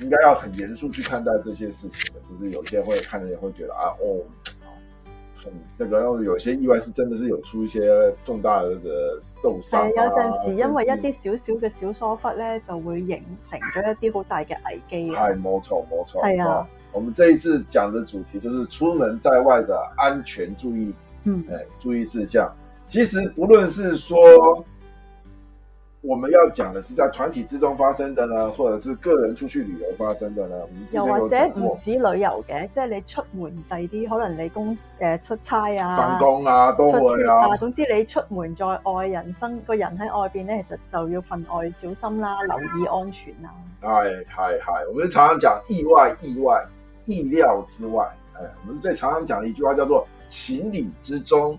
應該要很嚴肅去看待這些事情的，就是有些會看人也會覺得啊，哦，那、嗯、個，然後有些意外是真的是有出一些重大的動、啊。是，有陣時因為一啲小小嘅小疏忽呢就會形成咗一啲好大的危機啊。係冇錯，冇錯，係啊，啊。我們這一次講的主題就是出門在外的安全注意，嗯，注意事項。其實不論是說。嗯我們要講的是在團體之中發生的呢，或者是個人出去旅遊發生的呢。有又或者唔止旅遊嘅，即係你出門第啲，可能你誒、呃、出差啊、返工啊都會啊，總之你出門在外人，人生個人喺外邊呢，其實就要分外小心啦、啊，留意安全啦、啊。唉、嗯，係、哎、係、哎哎，我們常常講意外、意外、意料之外。哎、我們最常常講嘅一句話叫做情理之中。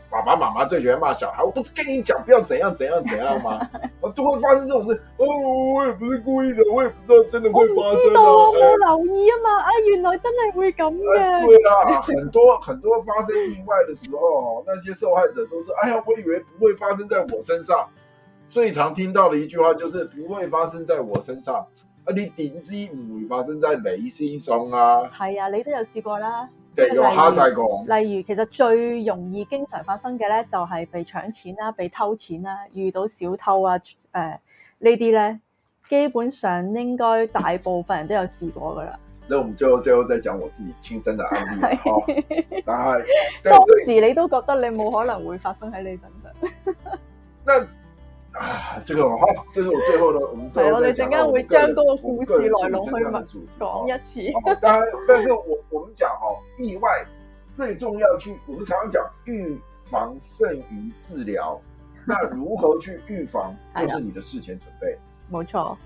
爸爸媽媽最喜歡罵小孩，我不是跟你講不要怎樣怎樣怎樣嗎？我 都會發生這種事哦，我也不是故意的，我也不知道真的會發生、啊、我不知道、哎、我冇留意啊嘛，啊、哎，原來真係會咁嘅、 哎。對啊，很多很多發生意外的時候，那些受害者都是，哎呀，我以為不會發生在我身上。最常聽到的一句話就是不會發生在我身上，啊、哎，你點知唔不會發生在眉心上啊。係啊，你都有試過啦。例如，例如，其實最容易經常發生嘅咧，就係被搶錢啦、啊、被偷錢啦、啊，遇到小偷啊，誒、呃、呢啲咧，基本上應該大部分人都有試過㗎喇。那我唔最後最後再講我自己的親身嘅案例啊， 但係是 當時你都覺得你冇可能會發生喺你身上。 啊，這個好，這是我最後的，我們係 我哋陣間會將嗰個故事來龍去脈講一次。但係，但是我 我們講哦，意外最重要去，我們常常講預防勝於治療。 那如何去預防，就是你的事前準備、 哎。沒錯，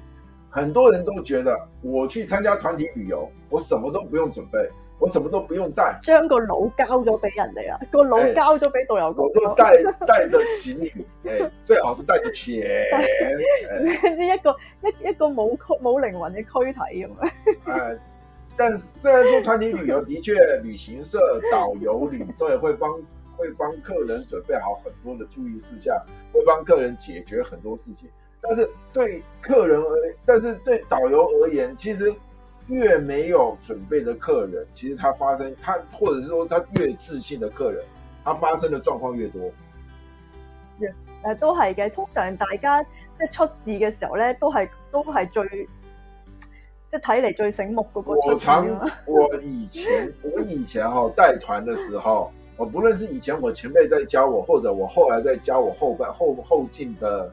很多人都覺得我去參加團體旅遊，我什麼都不用準備。我什麼都不用帶，將個腦交咗俾人哋啊，個腦交咗俾導遊過、哎。我都帶帶着行李、 哎，最好是帶着錢。哎、一個一一個冇冇靈魂嘅軀體咁啊、哎。但是雖然說團體旅遊的確 旅行社、導遊、旅隊會幫會幫客人準備好很多的注意事項，會幫客人解決很多事情，但是對客人而，但是對導遊而言，其實。越沒有準備的客人，其實他發生他，或者是說他越自信的客人，他發生的狀況越多。也都是嘅。通常大家即出事嘅時候呢，都是都是最即睇嚟最醒目嗰個出事的。我常，我以前我以前哈帶團的時候，我不論是以前我前輩在教我，或者我後來在教我後輩後後進的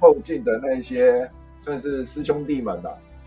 後進的那些算是師兄弟們啦。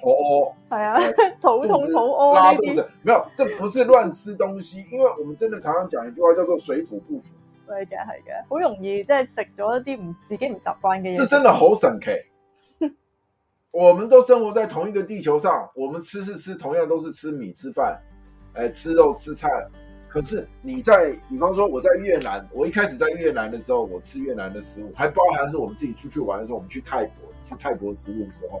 頭、哦、屙、哦，係啊，肚痛肚屙呢啲，沒有，這不是亂吃東西， 因為我們真的常常講一句話叫做水土不服，係嘅係嘅，好容易即係食咗一啲唔自己唔習慣嘅嘢，這真的好神奇。 我們都生活在同一個地球上，我們吃是吃，同樣都是吃米、吃飯、呃，吃肉、吃菜。可是你在，比方說我在越南，我一開始在越南的時候，我吃越南的食物，還包含是我們自己出去玩的時候，我們去泰國吃泰國食物的時候。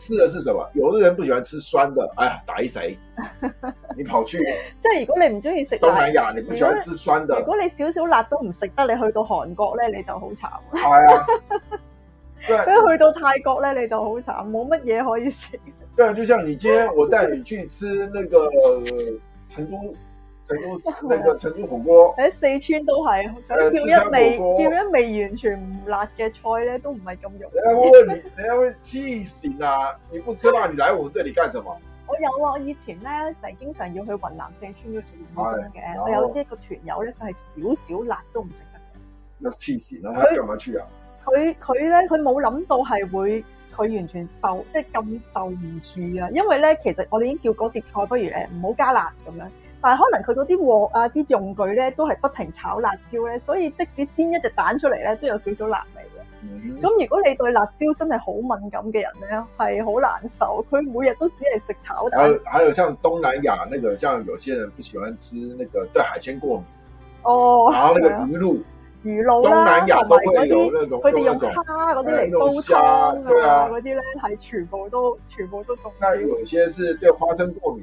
吃的是什麼？有的人不喜歡吃酸的，哎呀，打一誰？你跑去， 即係如果你唔中意食東南亞，你不喜歡吃酸的，如果，如果你少少辣都唔食得，你去到韓國咧，你就好慘。係、哎、啊，跟 去到泰國咧，你就好慘，冇乜嘢可以食。對，就像你今天我帶你去吃那個、 呃、成都。成都食就食咗火鍋喺四川都係想叫一味叫、呃、一味完全唔辣嘅菜咧，都唔係咁容易。你阿哥黐線啊！ 你,你,你,你, 你不吃辣，你來我這裏幹什麼？我有啊，我以前咧就係經常要去雲南、四川嗰度煮嘢食嘅。我有啲個團友咧，佢係少少辣都唔食得。嘅。黐線啊？佢有咪住啊？佢佢咧，佢冇諗到係會，佢完全受即係咁受唔住啊！因為咧，其實我哋已經叫嗰碟菜，不如誒唔好加辣咁樣。但可能佢嗰啲鍋啊、啲用具咧，都係不停炒辣椒咧，所以即使煎一隻蛋出嚟咧，都有少少辣味嘅。咁、嗯、如果你對辣椒真係好敏感嘅人咧，係好難受。佢每日都只係食炒蛋。還有像東南亞那個，像有些人不喜歡吃那個對海鮮過敏。哦。啊，那個魚露、啊。魚露。東南亞都會有嗰啲，佢哋用蝦嗰啲嚟煲湯，啊，嗰啲咧係全部都，全部都中。那有些是對花生過敏。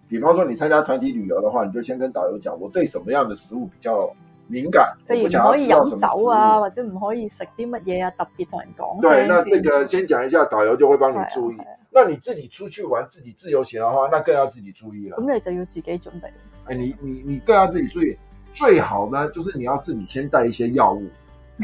比方說，你參加團體旅遊的話，你就先跟導遊講，我對什麼樣的食物比較敏感，我不想要吃到什麼食物啊，可以飲酒啊，或者唔可以食啲乜嘢啊，特別同人講。對，那這個先講一下，導遊就會幫你注意、啊啊。那你自己出去玩，自己自由行的話，那更要自己注意了。咁你就要自己準備。哎，你你你更要自己注意，最好呢，就是你要自己先帶一些藥物。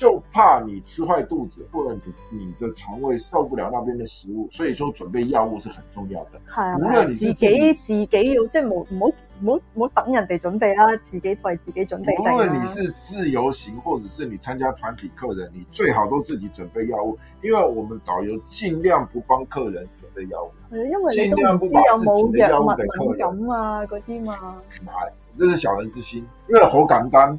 就怕你吃壞肚子，或者你你的腸胃受不了那邊的食物，所以說準備藥物是很重要的。無論、啊、你自己自己要，即係冇冇冇冇等人哋準備啦，自己為自，自，自己準備。無論你是自由行、啊，或者是你參加團體客人，你最好都自己準備藥物，因為我們導遊盡量不幫客人準備藥物，你都唔知盡量不把自己的藥物給客人啊，嗰、嗯、啲嘛。嗱，這是小人之心。因為好簡單。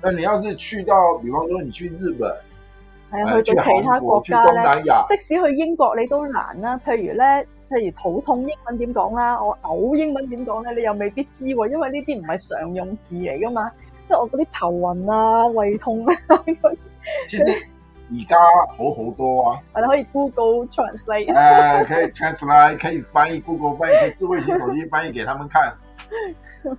但你要是去到，比方說你去日本，係啊，去到其他國家咧，即使去英國你都難啦、啊。譬如咧，譬如肚痛英文點講啦，我嘔英文點講咧，你又未必知喎、啊，因為呢啲唔係常用字嚟噶嘛。即係我嗰啲頭暈啊，胃痛啊。其實而家 好好多啊，我哋可以 Google Translate，誒、啊，可以 translate， 可以翻譯 Google 翻譯，可以智慧型手機翻譯給他們看。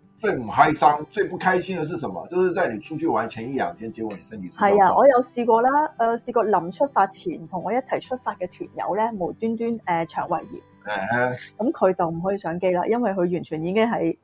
最唔開心、最不開心嘅是什麼？就是在你出去玩前一兩天，結果你身體係啊，我有試過啦。誒、呃，試過臨出發前同我一齊出發嘅團友咧，無端端誒、呃、腸胃炎，咁、啊、佢、嗯、就唔可以上機啦，因為佢完全已經係。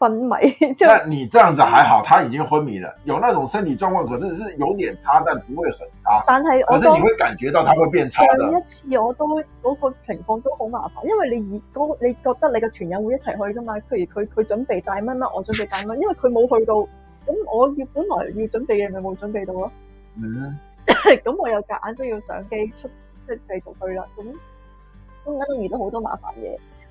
昏迷，即係你這樣子還好，他已經昏迷了，有那種身體狀況，可是是有點差，但不會很差。但係，可是你會感覺到他會變差。上一次我都嗰、那個情況都好麻煩，因為你而你覺得你個團友會一齊去噶嘛？譬如佢佢準備帶乜乜，我準備帶乜，因為佢冇去到，咁我要本來要準備嘅咪冇準備到咯。明、嗯、啦，咁 我又夾硬都要上機出，即係繼續去啦。咁中間遇到好多麻煩嘢。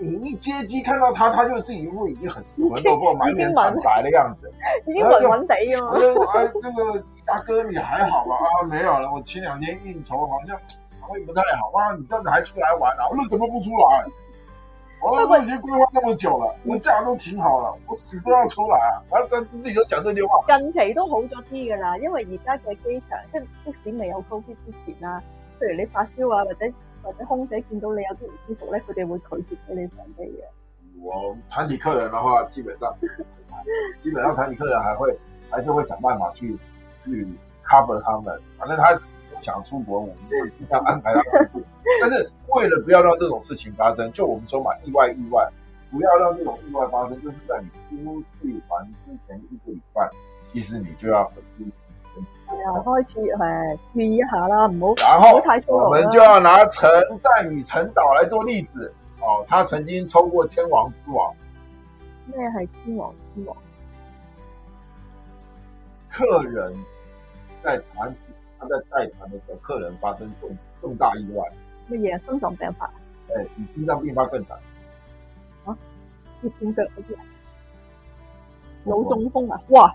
你一接機看到他，他就自己會已經很失魂落魄、滿臉慘白的樣子，已經暈暈地咯。我、哎嗯哎、這個大、嗯、哥你還好吧？ 啊，沒有了我前兩天應酬，好像腸胃不太好。啊，你這樣子還出來玩、啊，我問怎麼不出來？我都已經規劃那麼久了，我假都請好了，我死都要出來 啊！我真自己都講這句話。近期都好咗啲噶啦，因為而家嘅機場即係即使未有高鐵之前啦，譬如你發燒啊或者。或者空姐見到你有啲唔舒服咧，佢哋會拒絕俾你上機嘅。我團體客人的話基，基本上基本上團體客人還會，還是會想辦法去去 cover 他們。反正他想出國，我們會要安排他出國。 但是為了不要讓這種事情發生，就我們說嘛，意外意外，不要讓這種意外發生，就是在你出去玩之前一個禮拜，其實你就要很開始誒，注意一下啦，唔好太粗魯。我們就要拿陳在宇陳導來做例子，哦，他曾經抽過千王之王。咩係天王之王？客人在團，他在帶團的時候，客人發生重重大意外，咩嘢心臟病發？誒，比心臟病發更慘。啊？你跌斷腳嗰啲啊？中風啊？哇！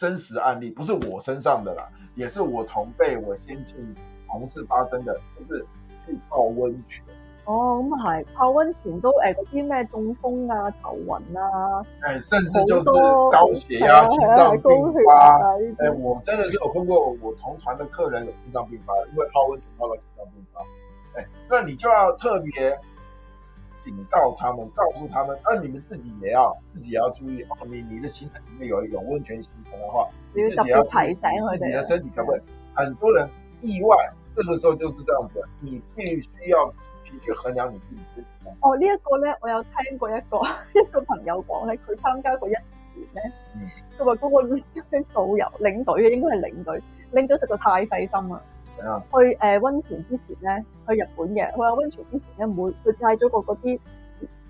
真實案例不是我身上的啦，也是我同輩、我先進同事發生的，就是去泡温泉。哦，咁係，泡温泉都誒嗰啲咩中風啊、頭暈啊，誒、哎，甚至就是高血壓、啊啊、心臟病發、啊。誒、啊啊哎哎，我真的是有碰過，我同團的客人有心臟病發，因為泡温泉泡到了心臟病發、哎。那你就要特別。警告他們，告訴他們，那你們自己也要，自己也要注意哦。你你的行程裏面有有溫泉行程的話，你要特別提醒佢哋。提醒你才會。很多人意外，這個時候就是這樣子，你必須要去衡量你自己哦，這個、呢哦，一個咧，我有聽過一個一個朋友講咧，佢參加過一次咧，嗯，佢話嗰個導遊領隊嘅，應該係領隊，領隊實在太細心啦。去誒溫、呃、泉之前咧，去日本嘅，去阿溫泉之前咧，每佢帶咗個嗰啲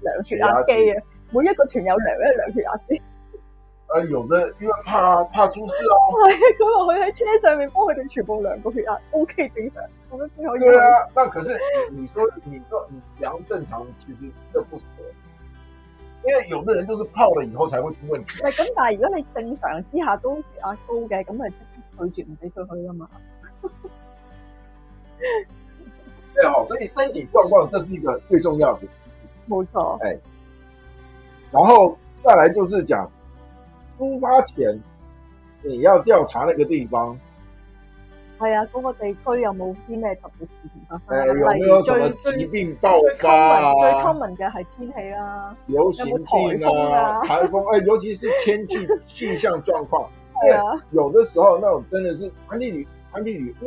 量血壓機啊，每一個團友量一量血壓先。啊、呃、有嘅，因為怕怕出事咯、啊。係佢話佢喺車上面幫佢哋全部量個血壓，OK 正常咁樣。對啊，但可是你說 你說，你，說你量正常，其實又唔得，因為有的人都是泡咗以後才會出問題。係咁，但係如果你正常之下都血壓高嘅，咁咪拒絕唔俾佢去啊嘛。 對，好，所以身體狀況這是一個最重要的，沒錯。哎，然後再來就是講出發前你要調查那個地方。係啊，嗰、那個地區有冇啲咩特別事情發生、欸、有沒有什麼疾病爆發最，最 common 嘅係天氣啦、啊，流行啊，有冇颱風啊、颱風、欸？尤其是天氣氣象狀況，對 啊、欸。有的時候那種真的是當地旅當地旅，因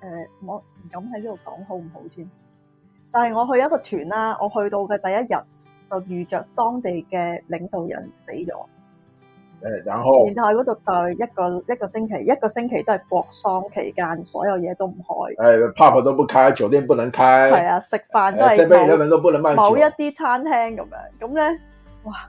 誒，我唔敢喺呢度講好唔好先。但係我去一個團啦，我去到嘅第一日就遇着，當地嘅領導人死咗。誒，然後然後喺嗰度待一個一個星期，一個星期都係國喪期間，所有嘢都唔開。誒，pub 都不開，酒店不能開。係啊，食飯都係。這邊你們都不能賣酒。某一啲餐廳咁樣，咁咧，哇！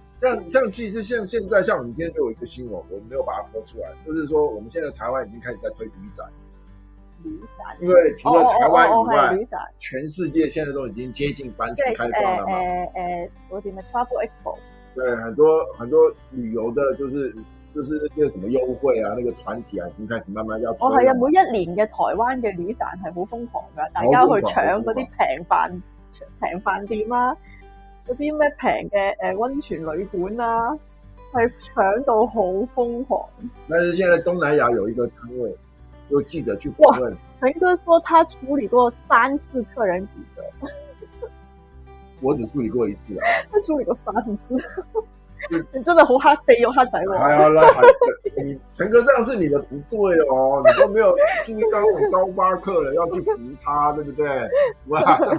像像其實像現在像我們今天都有一個新聞，我沒有把它播出來，就是說我們現在台灣已經開始在推旅展，旅展，因為除了台灣以外、哦哦哦，全世界現在都已經接近完全開放了嘛。呃呃呃、我哋嘅 Travel Expo，對，很多很多旅遊的、就是，就是就是那個什麼優惠啊，那個團體啊，已經開始慢慢要推了。哦，係啊，每一年嘅台灣嘅旅展係好瘋狂噶，大家去搶嗰啲平飯平飯店啊。哦嗰啲咩平嘅誒溫泉旅館啊係搶到好瘋狂。但是現在東南亞有一個單位，就記者去訪問，陳哥說他處理過三次客人指責， 我只處理過一次啊。 他處理過三次， 你真的好黑地咗黑仔 你陳哥，這樣是你的不對哦，你都沒有注意當高發客人要去扶他，對不對？哇，真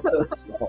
少。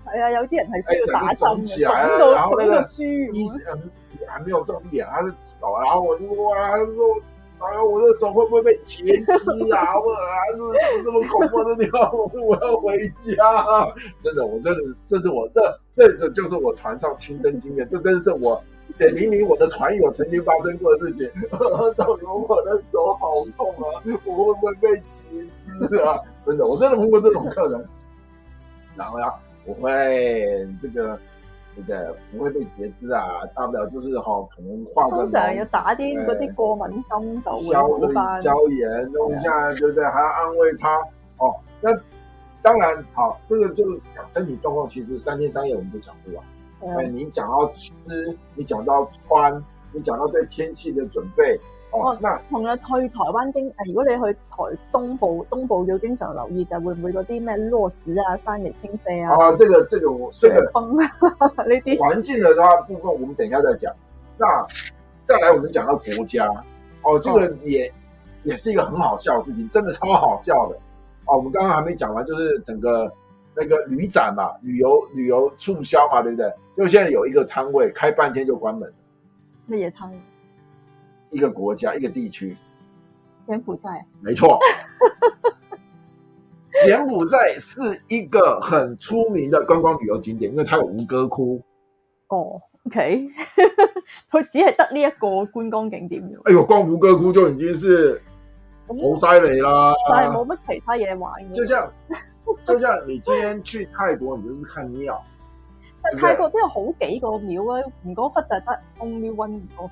哎呀，有啲人係需要打針，打到腫到豬，我還沒有裝點，我、啊、是，然後我就哇，啊、我話我隻手會不會被截肢啊？ 我啊，咁、就、咁、是、恐怖嘅地方，我 我要回家、啊。真的，我真的，這是我這這次就是我船上親身經驗， 這真是我，且明明我的船友曾經發生過的事情， 到咗我的手好痛啊，我會不會被截肢啊？ 真的，我真的碰過這種客人， 然後。不會，這個，對不對？不會被截肢啊，大不了就是好、哦、可能化通常要打啲嗰啲過敏針，就消消炎，弄一下對、啊，對不對？還要安慰他哦。那當然好，這個就是、身體狀況，其實三天三夜我們都講不完對、啊。哎，你講到吃，你講到穿，你講到對天氣的準備。哦，那，同你去台灣經，如果你去台東部，東部要經常留意，就會不會嗰啲咩落石啊、山泥傾瀉啊？哦、啊，這個、這個我，這個 l 啊。d y 環境嘅話部分，我們等一下再講。那再來，我們講到國家，哦，這個也、哦，也是一個很好笑的事情，真的超好笑的。哦，我們剛剛還沒講完，就是整個那個旅展嘛，旅遊旅遊促銷嘛，對不對？因為現在有一個攤位開半天就關門，乜嘢攤。一個國家，一個地區，柬埔寨，啊，沒錯。 柬埔寨是一個很出名的觀光旅遊景點，因為它有吳哥窟。哦、oh，OK，佢 只係得呢一個觀光景點。哎呦，光吳哥窟就已經是猴塞雷啦，嗯啊，但係冇乜其他嘢玩。就像，就像你今天去泰國， 你就是看廟，啊。但泰國都有好幾個廟啊，吳哥窟就係得 only one，吳哥窟。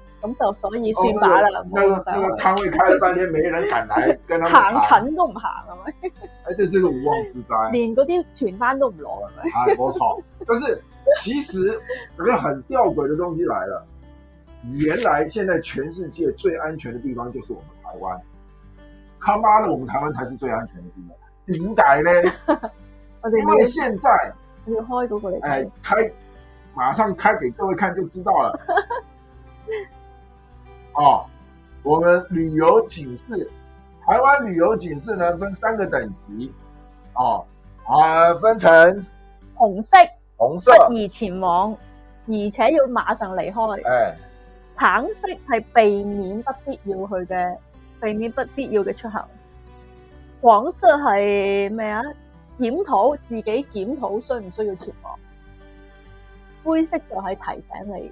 咁就所以算了吧啦，嗱、哦、那個攤位、那個、開了半天， 沒人敢來跟嚟，行近都唔行，係 咪、哎？而且係個無妄之災，連嗰啲傳單都唔攞。係、哎，冇 錯！但是其實整個 很吊詭嘅東西來了，原來現在全世界最安全的地方就是我們台灣。他媽的，我們台灣才是最安全的地方，點解呢？ 因為現在你開嗰個嚟，誒、哎，開，馬上開俾各位看就知道了。 哦，我們旅遊警示，台灣旅遊警示呢分三個等級，哦，啊、呃、分成紅色，紅色不宜前往，而且要馬上離開，誒、哎，橙色係避免不必要去嘅，避免不必要嘅出行，黃色係咩啊？檢討自己檢討需唔需要前往，灰色就係提醒你。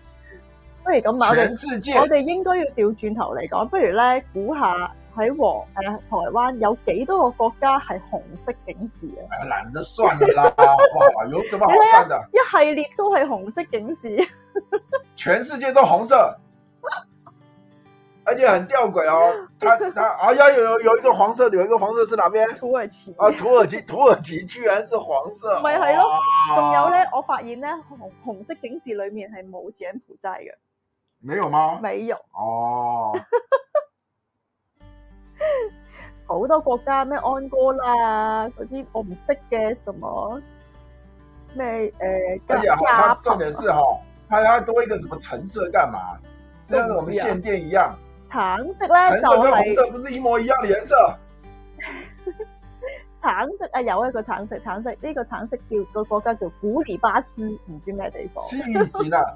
不如咁，我哋我哋應該要調轉頭嚟講，不如咧估下喺黃誒台灣有幾多個國家係紅色警示啊？懶得算啦， 哇，有什麼好看的，啊？一系列都係紅色警示，全世界都紅色， 而且很吊詭哦。它它啊，有有有一個黃色，有一個黃色是哪邊？土耳其 啊，土耳其土耳其，居然是黃色，咪係咯？仲有咧，我發現咧紅紅色警示裏面係冇柬埔寨嘅。沒有嗎？沒有？哦，好 多國家咩，安哥拉嗰啲我唔識嘅，什麼咩誒？呃、重點是哈，它、嗯、它多一個什麼橙色，幹嘛？跟我們緬甸一樣，橙色咧就跟紅色，不是一模一樣嘅顏色。就是、 橙色啊，有一個橙色，橙色呢、這個橙色叫、這個國家叫古里巴斯，唔知咩地方。黐線啦！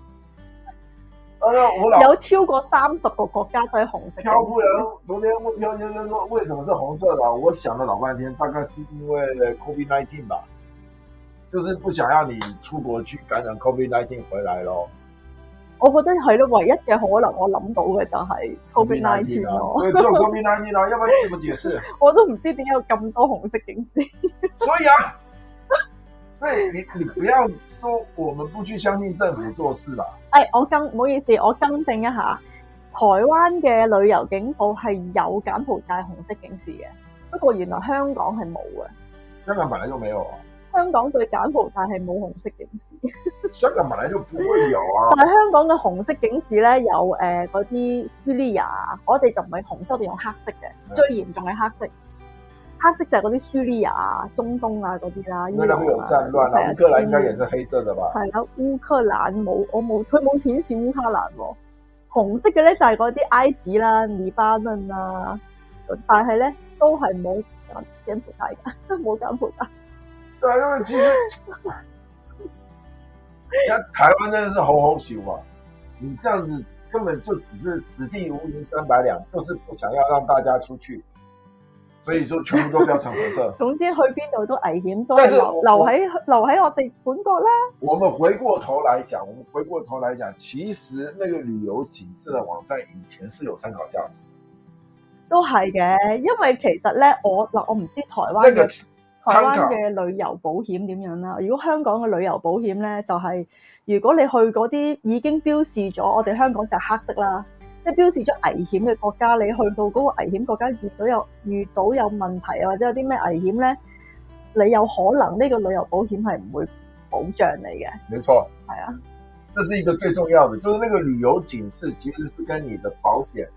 啊、有超過三十個國家都係紅色。漂夫人，昨天問漂先生說，為什麼是紅色的？我想了老半天，大概是因為 Covid nineteen 吧，就是不想讓你出國去感染 Covid nineteen 回來咯。我覺得係咯，唯一嘅可能我諗到嘅就係 Covid nineteen Covid nineteen、啊、啦，要不然怎麼解釋？我都唔知點解有咁多紅色警示。所以啊，所 以你你不要。我們不去相信政府做事啦。誒、哎，我更唔好意思，我更正一下，台灣嘅旅遊警報係有柬埔寨紅色警示嘅，不過原來香港係冇嘅。香港本嚟就冇嘅？香港對柬埔寨係冇紅色警示。香港本嚟就唔會有㗎！ 但係香港嘅紅色警示咧有誒，嗰啲 p i a 我哋就唔係紅色，我哋用黑色嘅，嗯，最嚴重係黑色。黑色就係嗰啲敘利亞、中東啊嗰啲啦，因為嗰度有戰亂啊。烏克蘭應該也是黑色的吧？係啦、啊，烏克蘭冇我冇，佢冇顯示烏克蘭喎。紅色嘅咧就係嗰啲埃及啦、黎巴嫩啦、啊，但係咧都係冇柬埔寨㗎，冇柬埔寨。對啊，因為其實，而 家台灣真的是好好笑啊！你這樣子根本就只是此地無銀三百兩，就是不想要讓大家出去。所以說全部都叫橙紅色。 總之去邊度都危險，都係留喺留喺我哋本國啦。我們回過頭來講，我們回過頭來講，其實那個旅遊警示的網站以前是有參考價值的。都係嘅，因為其實咧，我嗱我唔知台灣、那個、台灣嘅旅遊保險點樣啦。如果香港嘅旅遊保險咧，就係、是、如果你去嗰啲已經標示咗，我哋香港就黑色啦。即係標示咗危險嘅國家，你去到嗰個危險國家，遇到有遇到有問題啊，或者有啲咩危險咧，你有可能呢個旅遊保險係唔會保障你嘅。沒錯，係啊，這是一個最重要的，就是那個旅遊警示，其實是跟你的保險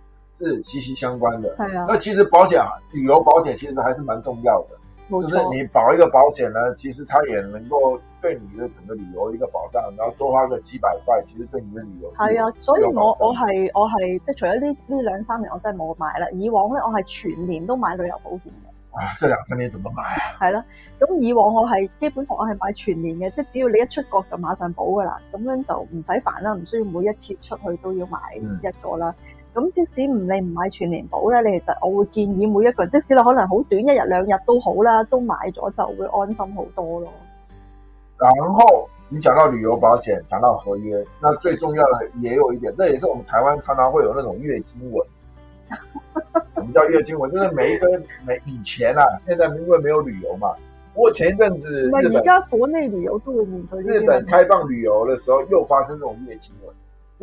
是息息相關的。係啊，那其實保險啊，旅遊保險其實還是蠻重要嘅。冇錯，就是你保一個保險呢，其實它也能夠對你的整個旅遊一個保障，然後多花個幾百塊，其實對你的旅遊係啊。所以我我係我係即係除咗呢呢兩三年我真係冇買啦。以往呢我係全年都買旅遊保險嘅。啊，這兩三年怎麼買啊？係啦、啊，咁以往我係基本上我係買全年嘅，即、就、係、是、只要你一出國就馬上保噶啦，咁樣就唔使煩啦，唔需要每一次出去都要買一個啦。嗯咁即使唔你唔買全年保咧，你其實我會建議每一個即使你可能好短一日兩日都好啦，都買咗就會安心好多咯。然後你講到旅遊保險，講到合約，那最重要的也有一點，這也是我們台灣常常會有那種月經文。 什麼叫月經文？就是每一個以前啊。現在因為沒有旅遊嘛，不過前一陣子，唔係而家國內旅遊都會日本開放旅遊的時候，又發生這種月經文。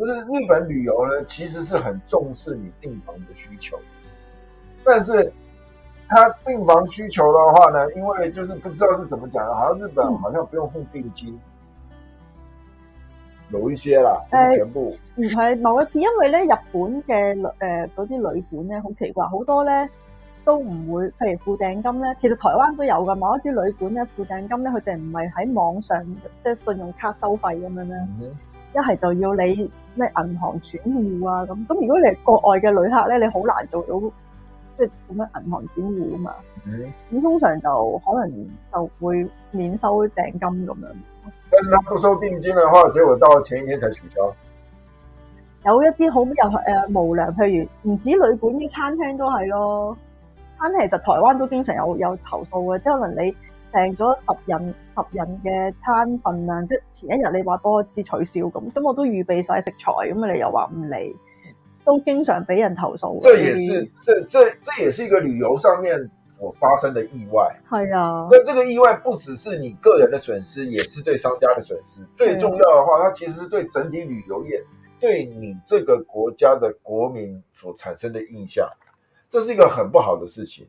就是，日本旅遊其實是很重視你訂房的需求，但是他訂房需求的話呢，因為就是不知道是怎麼講，好像日本好像不用付定金，有一些啦，不，就是全部。哎、呃，某一次因為呢，日本嘅誒嗰啲旅館呢，好奇怪，好多呢都唔會，譬如付定金呢，其實台灣都有噶，某一啲旅館呢付定金呢，佢哋唔係喺網上即係信用卡收費咁樣一係就要你咩銀行轉戶啊咁咁，如果你係國外嘅旅客咧，你好難做到，即係咁樣銀行轉戶啊嘛。嗯。咁通常就可能就會免收訂金咁樣。但是他不收訂金嘅話，結果到前一天才取消。有一啲好有誒、呃、無良，譬如唔止旅館，啲餐廳都係咯。餐廳其實台灣都經常有有投訴嘅，即係可能你。訂咗十人十人嘅餐份量，即前一日你話俾我知取消咁，咁我都預備晒食材，咁你又話唔嚟，都經常俾人投訴。這也是，這這這也是一個旅遊上面我發生的意外。係、嗯、啊，但係這個意外不只是你個人的損失，也是對商家的損失，嗯。最重要嘅話，它其實係對整體旅遊業、對你這個國家的國民所產生的印象，這是一個很不好的事情。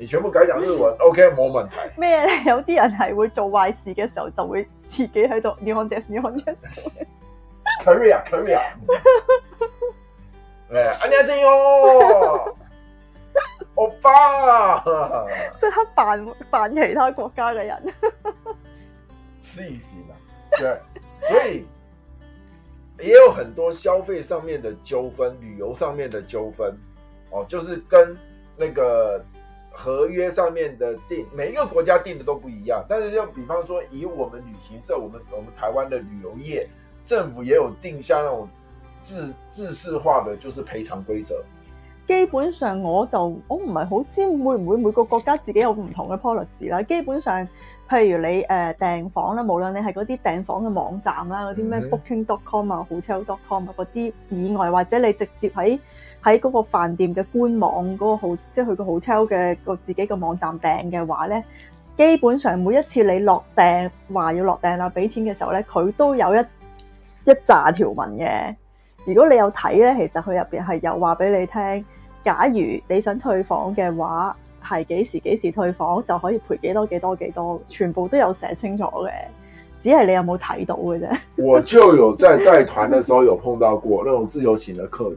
你全部改講日文，OK 冇問題。咩有啲人係會做壞事嘅時候，就會自己喺度。你看啲事，你看啲事，carry 啊，carry 啊。誒，安家先哦，好棒啊！即係扮扮其他國家嘅人。黐線啊！對，所以也有很多消費上面的糾紛、旅遊上面的糾紛，哦，就是跟那個。合約上面的定，每一個國家定的都不一樣。但是就比方說，以我們旅行社，我們我們台灣的旅遊業政府也有定下那種自自式化的就是賠償規則。基本上我就我唔係好知會唔會每個國家自己有唔同嘅 policy 啦。基本上，譬如你誒、呃、訂房啦，無論你係嗰啲訂房嘅網站啦，嗰啲咩 booking.com 啊，hotel.com 啊嗰啲以外，或者你直接喺。喺嗰個飯店嘅官網嗰、嗰個即係佢個 hotel 嘅自己嘅網站訂嘅話咧，基本上每一次你落訂話要落訂啦，俾錢嘅時候咧，佢都有一一紮條文嘅。如果你有睇咧，其實佢入面係有話俾你聽。假如你想退房嘅話，係幾時幾時退房就可以賠幾多幾多幾多，全部都有寫清楚嘅，只係你有冇睇到嘅啫。我就有在帶團嘅時候有碰到過， 嗰種自由行嘅客人。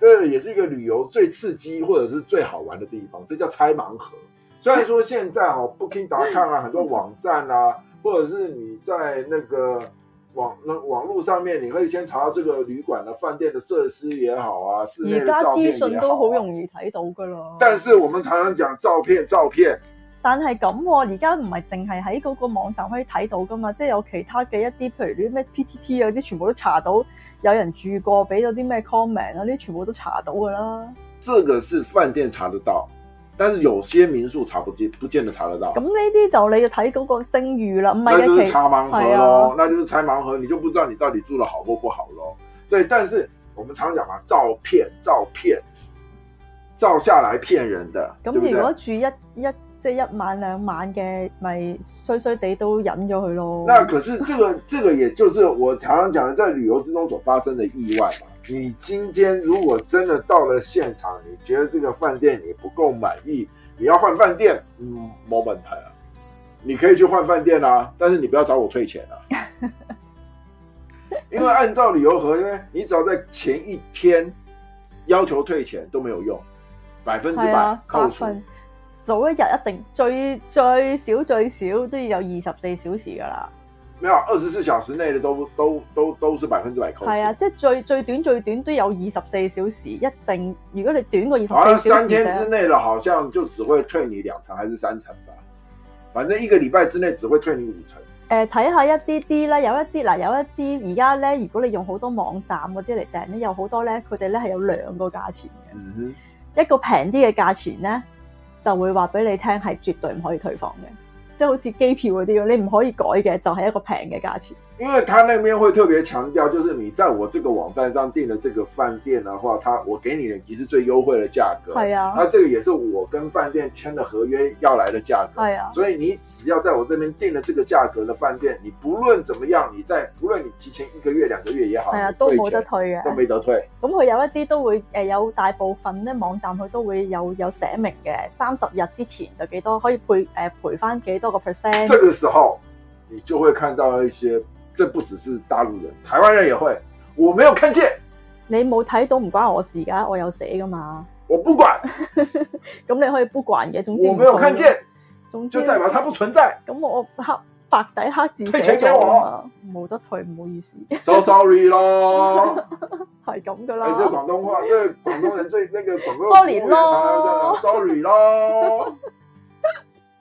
這也是一個旅遊最刺激或者是最好玩的地方，這叫猜盲盒。雖然說現在哦，Booking 打開啦， 看看很多網站啊， 或者是你在那個網路網絡上面，你可以先查到這個旅館的飯店的設施也好啊，室內嘅照片也好啊，是你而家資訊都好容易睇到㗎喇。但是我們常常講照片，照片。但係咁、哦，而家唔係淨係喺嗰個網站可以睇到噶嘛，即、就、係、是、有其他嘅一啲，譬如啲咩 P T T 啊，嗰啲全部都查到。有人住過，俾咗啲咩 comment 啊？呢啲全部都查到㗎啦。這個是飯店查得到，但是有些民宿查不見，不見得查得到。咁呢啲就你要睇嗰個聲譽啦，唔係一那就是拆盲盒咯，那就是拆盲盒、啊，你就不知道你到底住得好過不好咯。對，但是我們常講嘛，照片，照片，照下來騙人的。咁如果住一對對一。即一晚兩晚嘅，咪衰衰地都忍咗佢咯。那可是，這個，這個，也就是我常常講嘅，在旅遊之中所發生的意外嘛。你今天如果真的到了現場，你覺得這個飯店你不夠滿意，你要換飯店，嗯，冇問題啊，你可以去換飯店啊，但是你不要找我退錢啊！ 因為按照旅遊合約，你只要在前一天要求退錢都沒有用，百分之百扣除。 早一日一定最最少最少都要有二十四小時噶啦，咩有二十四小時內的都都都都是百分之百扣，係啊，即係最最短最短都有二十四小時，一定如果你短過二十四小時，而、啊、三天之內的好像就只會退你兩成還是三成吧，反正一個禮拜之內只會退你五成。誒、呃，睇下一啲啲啦，有一啲嗱，有一啲而家咧，如果你用好多網站嗰啲嚟訂咧，有好多咧，佢哋咧係有兩個價錢嘅、嗯，一個平啲嘅價錢咧。就會話俾你聽，係絕對唔可以退房嘅，即係好似機票嗰啲你唔可以改嘅，就係、是、一個平嘅價錢。因為他那邊會特別強調，就是你在我這個網站上訂的這個飯店的話，他我給你的其實最優惠的價格。對啊，那、啊、這個也是我跟飯店簽了合約要來的價格。對啊，所以你只要在我這邊訂了這個價格的飯店，你不論怎麼樣，你在不論你提前一個月、兩個月也好，都冇得退啊，都冇得退。咁佢、嗯嗯嗯、有一啲都會誒、呃，有大部分呢網站佢都會有有寫明嘅，三十日之前就幾多可以賠誒、呃、賠翻幾多個 percent。這個時候你就會看到一些。這不只是大陸人，台灣人也會。我沒有看見，你冇睇到唔關我事噶，我有寫噶嘛。我不管，咁 你可以不管嘅，總之我沒有看見，總之就代表它不存在。咁我黑白底黑字寫咗，冇得退，唔好意思。So sorry 咯，係咁噶啦。哎，你即係廣東話，這廣東人最那個廣東，Sorry 咯 ，Sorry 咯。啊 sorry 咯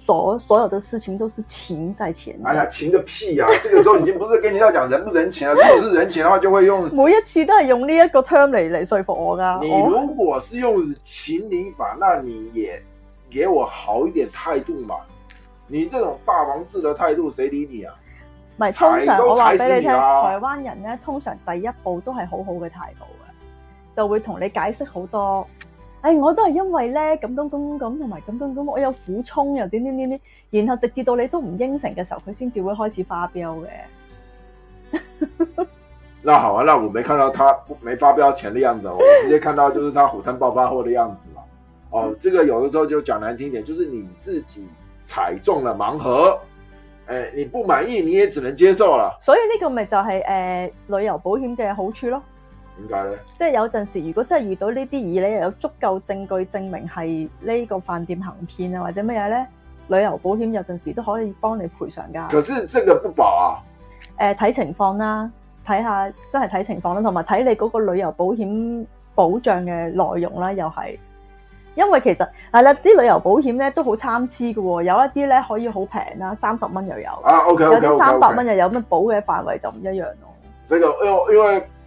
所所有的事情都是情在前。哎呀，情個屁啊！這個時候已經不是跟你要講人不人情啊 如果是人情的話，就會用。每一次都是用呢一個 term 來來說服我噶。你如果是用情理法，那你也給我好一點態度嘛。你這種霸王式的態度，誰理你啊？唔係，通常我話俾你聽，台灣人咧，通常第一步都係好好嘅態度嘅，就會同你解釋好多。哎我都係因為咧，咁咁咁咁，同埋咁咁咁，我有苦衷又點點點點，然後直至到你都唔應承嘅時候，佢先至會開始發飆嘅。 那好啊，那我沒看到他沒發飆前的樣子，我直接看到就是他火山爆發後的樣子啊。 哦，這個有的時候就講難聽點，就是你自己踩中了盲盒，呃、你不滿意，你也只能接受了。所以呢個咪就係、是、誒、呃、旅遊保險嘅好處咯。點解咧？即係有陣時，如果真係遇到呢啲嘢你又有足夠證據證明係呢個飯店行騙啊，或者乜嘢咧，旅遊保險有陣時都可以幫你賠償噶。可是這個不保啊？誒、呃，睇情況啦，睇下真係睇情況啦，同埋睇你嗰個旅遊保險保障嘅內容啦，又係因為其實係啦，啲旅遊保險咧都好參差噶、喔，有一啲咧可以好平啦，三十蚊又有啊 okay, okay, okay, okay, OK 有啲三百蚊又有，咁保嘅範圍就唔一樣咯。呢、這個因因為。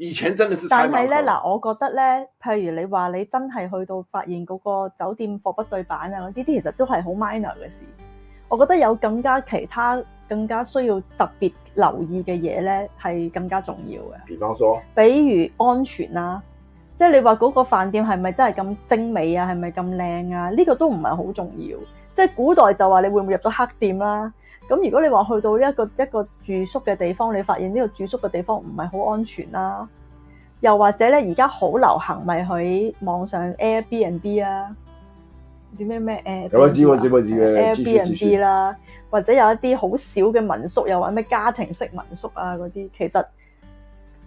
以前真係猜猜，但係咧嗱，我覺得咧，譬如你話你真係去到發現嗰個酒店貨不對版啊，呢啲其實都係好 minor 嘅事。我覺得有更加其他更加需要特別留意嘅嘢咧，係更加重要嘅。比方說，比如安全啦、啊，即係你話嗰個飯店係咪真係咁精美啊，係咪咁靚啊？呢、這個都唔係好重要。即、就、係、是、古代就話你會唔會入咗黑店啦、啊？咁如果你話去到一個一個住宿嘅地方，你發現呢個住宿嘅地方唔係好安全啦、啊，又或者咧而家，好流行，咪、就、喺、是、網上 Airbnb 啊，啲咩咩誒，有、Airbnb、啊知我知我知 Airbnb 啦，或者有一啲好少嘅民宿，又或者咩家庭式民宿啊嗰啲，其實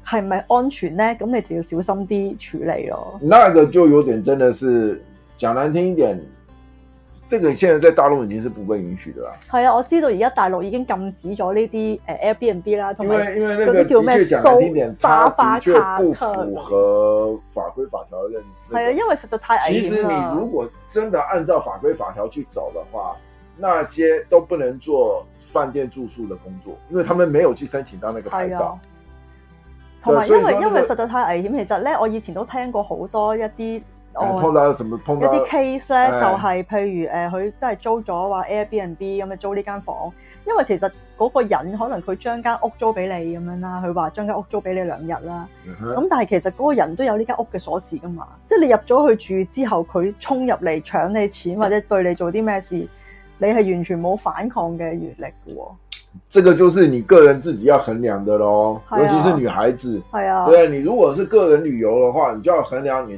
係咪安全咧？咁你就要小心啲處理咯。那個就有點真的是講難聽一點。這個現在在大陸已經是不被允許的啦。係啊，我知道而家大陸已經禁止咗呢啲誒 Airbnb 啦，同埋嗰啲叫咩？沙發客。的確不符合法規法條認識。係啊，因為實在太危險。其實你如果真的按照法規法條去找的話，那些都不能做飯店住宿的工作，因為他們沒有去申請到那個牌照。同埋、啊，因為、那個、因為實在太危險，其實咧，我以前都聽過好多一啲。欸碰到什麼 oh，碰到一啲 case 咧、哎，就係、是、譬如誒，佢、呃、真係租咗話 Airbnb 咁樣租呢間房，因為其實嗰個人可能佢將間屋租俾你咁樣啦，佢話將間屋租俾你兩日啦。咁、嗯、但係其實嗰個人都有呢間屋嘅鎖匙噶嘛，即係你入咗去住之後，佢衝入嚟搶你錢或者對你做啲咩事，你係完全冇反抗嘅權力嘅。這個就是你個人自己要衡量的咯，尤其是女孩子。係啊，啊對，你如果是個人旅遊嘅話，你就要衡量你。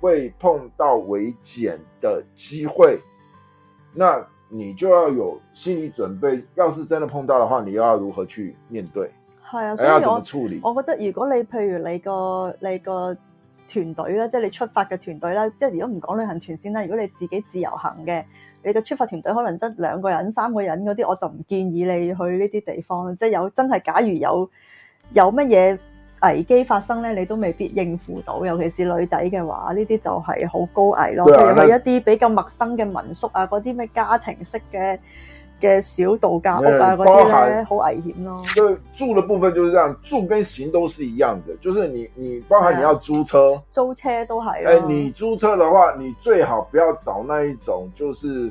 會碰到危險的機會，那你就要有心理準備。要是真的碰到的話，你又要如何去面對？係啊，所以我我覺得如果你譬如你個你個團隊啦，即係你出發嘅團隊啦，即係如果唔講旅行團先啦，如果你自己自由行嘅，你個出發團隊可能真兩個人、三個人嗰啲，我就唔建議你去呢啲地方。即係有真係假如有有乜嘢？危機發生咧，你都未必應付到，尤其是女仔嘅話，呢啲就係好高危咯。譬、啊、如係一啲比較陌生嘅民宿啊，嗰啲咩家庭式嘅嘅小度假屋啊嗰啲咧，好、嗯、危險咯。住嘅部分就是這樣，住跟行都是一樣嘅，就是你你包含你要租車，啊、租車都係、欸。你租車嘅話，你最好不要找那一種，就是。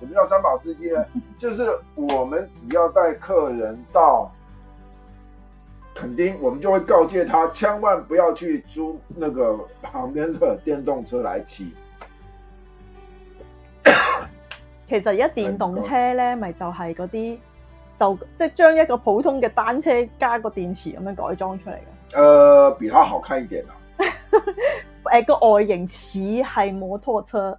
什麼叫三寶司機咧？就是我們只要帶客人到墾丁，我們就會告誡他千萬不要去租那個旁邊的電動車來騎。其實一電動車咧，咪就係嗰啲，就即係將一個普通嘅單車加個電池咁樣改裝出嚟嘅。誒、呃，比較好看一點啦、啊。誒、 呃，個外形似係摩托車。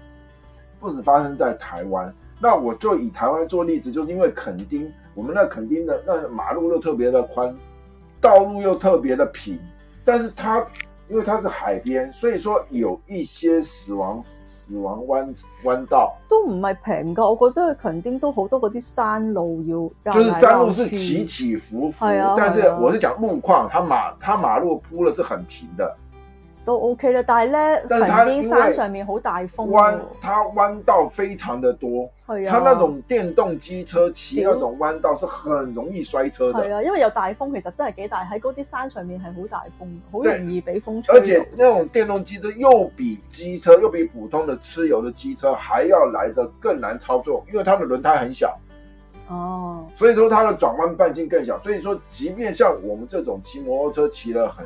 不止發生在臺灣，那我就以臺灣做例子，就是因為墾丁，我們那墾丁的那馬路又特別的寬，道路又特別的平，但是它因為它是海邊，所以說有一些死亡死亡彎彎道。都唔係平噶，我覺得墾丁都好多嗰啲山路要，就是山路是起起伏伏，是啊，是啊。但是我是講路況，它馬它馬路鋪了是很平的。O K 啦，但係咧，但係呢啲山上面好大風。彎，它彎道非常的多，啊、它那種電動機車騎那種彎道是很容易摔車的。對啊，因為有大風，其實真係幾大喺嗰啲山上面係好大風，好容易俾風吹。而且，那種電動機車又比機車，又比普通的汽油的機車還要來得更難操作，因為它的輪胎很小，哦、啊，所以說它的轉彎半徑更小，所以說，即便像我們這種騎摩托車騎了很。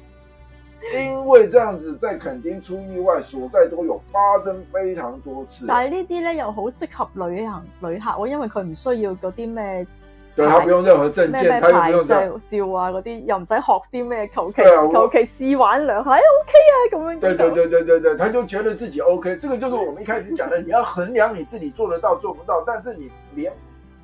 因為這樣子在墾丁出意外，所在都有，發生非常多次。但係呢啲呢又好適合旅行旅客，因為佢唔需要嗰啲咩，他不用任何證件，佢、啊、不用照啊嗰啲，又唔使學啲咩，求其求其試玩兩下，O K 啊咁樣。對對對對對對，他就覺得自己 O、okay、K，這個就是我們一開始講的，你要衡量你自己做得到做不到， 但是你連。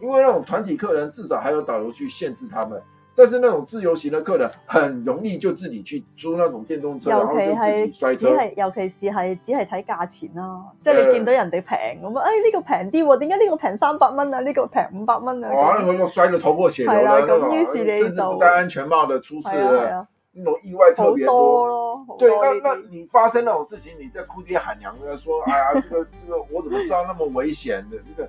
因為那種團體客人至少還有導遊去限制他們，但是那種自由行的客人很容易就自己去租那種電動車尤其，然後就自己摔車。尤其係，尤其是係只係睇價錢啦、啊嗯，即係你見到人哋平咁啊，哎、這、呢個平啲，點解呢個平三百蚊啊？呢個平五百蚊啊？然後又摔到頭破血流啦，嗰、啊、種甚至唔戴安全帽的出事啦、啊啊，那種意外特別多。多啊、多對，那那你發生那種事情，你在哭爹喊娘的說， 說，哎呀，這個這個我怎麼知道那麼危險的、 這個？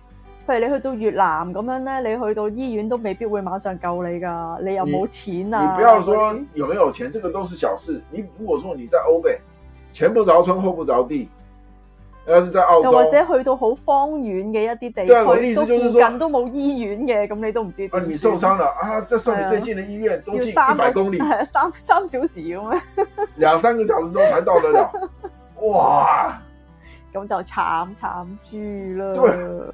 譬如你去到越南咁樣咧，你去到醫院都未必會馬上救你噶，你又冇錢啊你！你不要說有沒有錢，這個都是小事。你如果說你在歐備前不着村後不着地，要是在澳洲又或者去到好荒遠嘅一啲地方、啊，都附近都冇醫院嘅，咁你都唔知、啊。你受傷啦啊！就算你最近嘅醫院、啊、都近一百公里，三個三,三小時咁樣， 兩三個小時都才到得了，哇！咁 就慘慘豬啦。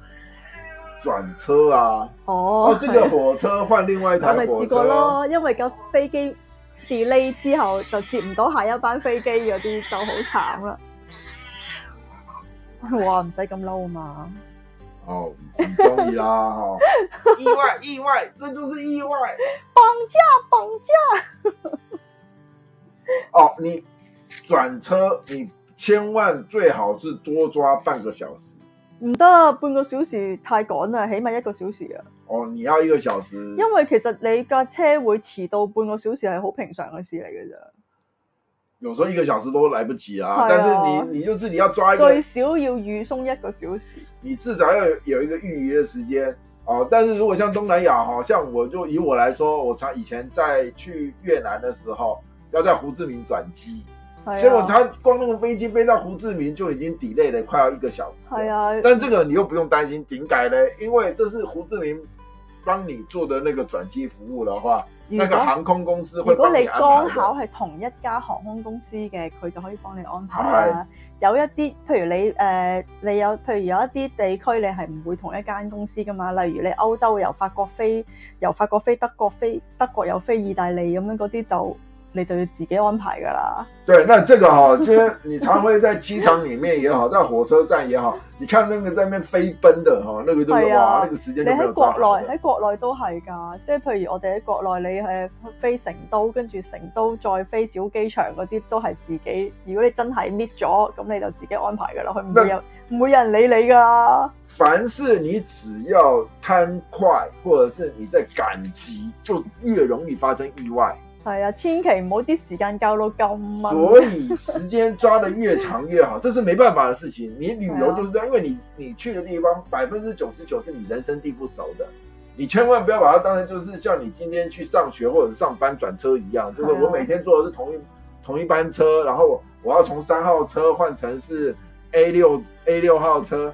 轉車啊！哦，哦，這個火車換另外一台火車試過咯，因為個飛機 delay 之後就接唔到下一班飛機，嗰啲就好慘啦。哇，唔使咁嬲啊嘛！哦，唔中意啦，哦、 意外意外，這就是意外，綁架綁架。 哦，你轉車，你千萬最好是多抓半個小時。唔得，半個小時太趕啦，起碼一個小時啊。哦，你要一個小時。因為其實你架車會遲到半個小時係好平常嘅事嚟嘅啫。有時候一個小時都來不及啊，但是你你就自己要抓一個，最少要預鬆一個小時。你至少要有一個預約的時間，哦、呃。但是如果像東南亞，哈，像我就以我來說，我以前在去越南的時候，要在胡志明轉機。結果、啊、他光用飛機飛到胡志明就已經 delay 了，快要一個小時、啊。但這個你又不用擔心，點解呢，因為這是胡志明幫你做的那個轉機服務的話，那個航空公司會幫你安排。如果你剛好是同一家航空公司嘅，佢就可以幫你安排一、啊、有一啲，譬如你誒、呃，你有譬如有一啲地區你係唔會同一間公司噶嘛，例如你歐洲由法國飛，由法國飛德國飛，飛德國又飛意大利咁樣嗰啲就。你就要自己安排噶啦。對，那這個哈，即、就、係、是、你常會在機場裏面也好， 在火車站也好，你看那個在面飛奔的，哈，那個都是、啊、哇，那個時間咁快。你喺國內喺國內都係噶，即係譬如我哋喺國內，你係飛成都，跟住成都再飛小機場嗰啲都係自己。如果你真係 miss 咗，咁你就自己安排噶啦，佢唔會有人唔會有人理你噶。凡事你只要貪快，或者是你在趕急，就越容易發生意外。係啊，千祈唔好啲時間交到咁慢。所以時間抓得越長越好， 這是沒辦法的事情。你旅遊就是這樣，啊、因為你你去的地方百分之九十九是你人生地不熟的，你千萬不要把它當成就是像你今天去上學或者上班轉車一樣，就是我每天坐的是同一是、啊、同一班車，然後我要從三號車換成是 A 六 A 六號車。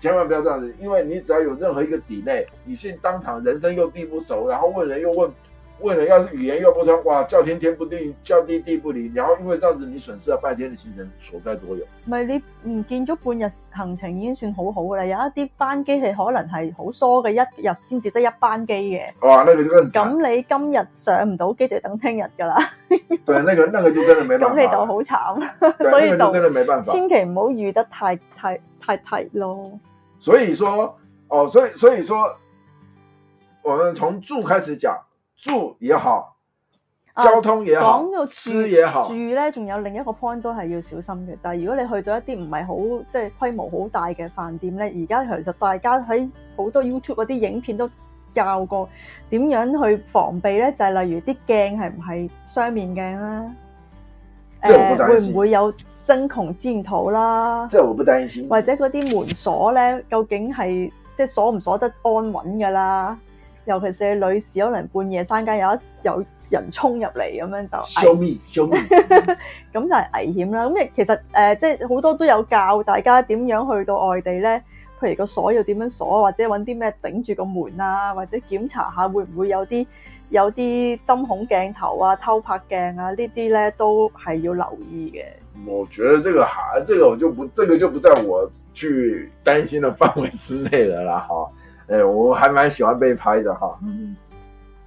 千萬不要這樣子，因為你只要有任何一個 delay，你先當場人生又地不熟，然後問人又問，問人要是語言又不通，哇，叫天天不定叫地地不靈，然後因為這樣子你損失咗半天嘅行程，所在多有，唔係你唔見咗半日行程已經算好好噶啦，有一啲班機係可能係好疏嘅，一日先至得一班機嘅。哇，呢個，咁你今日上唔到機就等聽日噶啦。對，呢個呢個就真係冇。咁 你就好慘， 呢個、 所以就真係冇辦法。千祈唔好遇得太太太太咯。所以說，哦，所以，所以說，我們從住開始講，住也好，交通也好，啊、講到吃也好，住咧仲有另一個 point 都係要小心嘅。就係、是、如果你去到一啲唔係好即係規模好大嘅飯店咧，而家其實大家喺好多 YouTube 嗰啲影片都教過點樣去防備咧，就係、是、例如啲鏡係唔係雙面鏡啦。誒、呃、會唔會有真窮佔土啦？即係我不擔心或者嗰啲門鎖咧，究竟係即、就是、鎖唔鎖得安穩噶啦？尤其是女士可能半夜三更有一有人衝入嚟咁樣就 show me show me，咁 就係危險啦。咁其實誒即係好多都有教大家點樣去到外地咧，譬如個鎖要點樣鎖，或者揾啲咩頂住個門啊，或者檢查下會唔會有啲。有啲針孔鏡頭啊、偷拍鏡啊，這些呢啲咧都係要留意嘅。我覺得這個，哈，這個我就不，這個就不在我去擔心的範圍之內了啦，哈、啊，誒、欸，我還蠻喜歡被拍的，哈、啊嗯。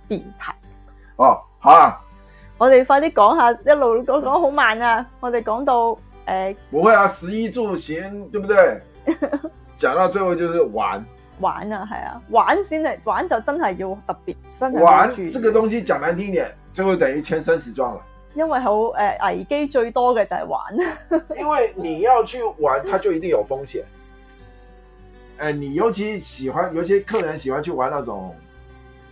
被拍。哦，好啊。我哋快啲講下，一路我講好慢啊，我哋講到誒、欸。唔會啊，食衣住行，對不對？講 到最後就是玩。玩啊，係啊，玩先係，玩就真係要特別身。玩，這個東西講難聽一點，就會等於簽生死狀了。因為好誒、呃，危機最多嘅就係玩。 因為你要去玩，它就一定有風險。誒、呃，你尤其喜歡，有些客人喜歡去玩那種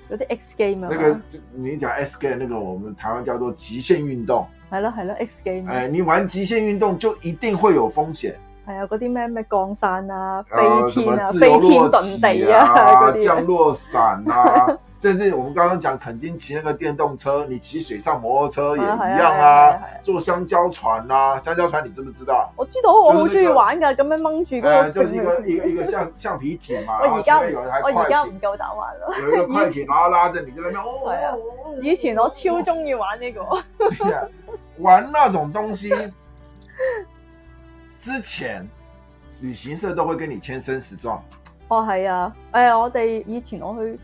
有啲 X game 啊。那個，你講 X game，那個我們台灣叫做極限運動。係咯係咯，X game。誒、啊呃，你玩極限運動就一定會有風險。係啊，嗰啲咩咩降山啊，飛天啊，飛、啊、天遁地啊，啊，降落傘啊， 甚至我們剛剛講，墾丁騎那個電動車， 你騎水上摩托車也一樣啊， 啊啊啊啊啊坐香蕉船，啊 香蕉船啊，香蕉船你知唔知道？我知道，就是這個、我好中意玩噶，咁、啊、樣掹住。誒，就是、一個 一個橡橡皮艇嘛， 我而家我而家唔夠膽玩咯，有一個快艇，然後拉着你喺度、哦。以前我超中意玩呢、這個。哦、 玩那種東西。 之前旅行社都會跟你簽生死狀。哦係啊，誒、哎、我哋以前我去，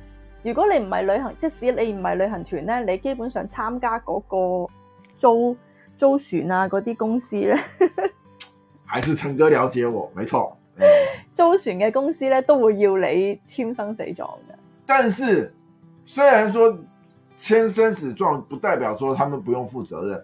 如果你唔係旅行，即使你唔係旅行團咧，你基本上參加嗰個租租船啊嗰啲公司咧， 還是陳哥了解我，沒錯。嗯、 租船嘅公司咧都會要你簽生死狀嘅。但是雖然說簽生死狀，不代表說他們不用負責任。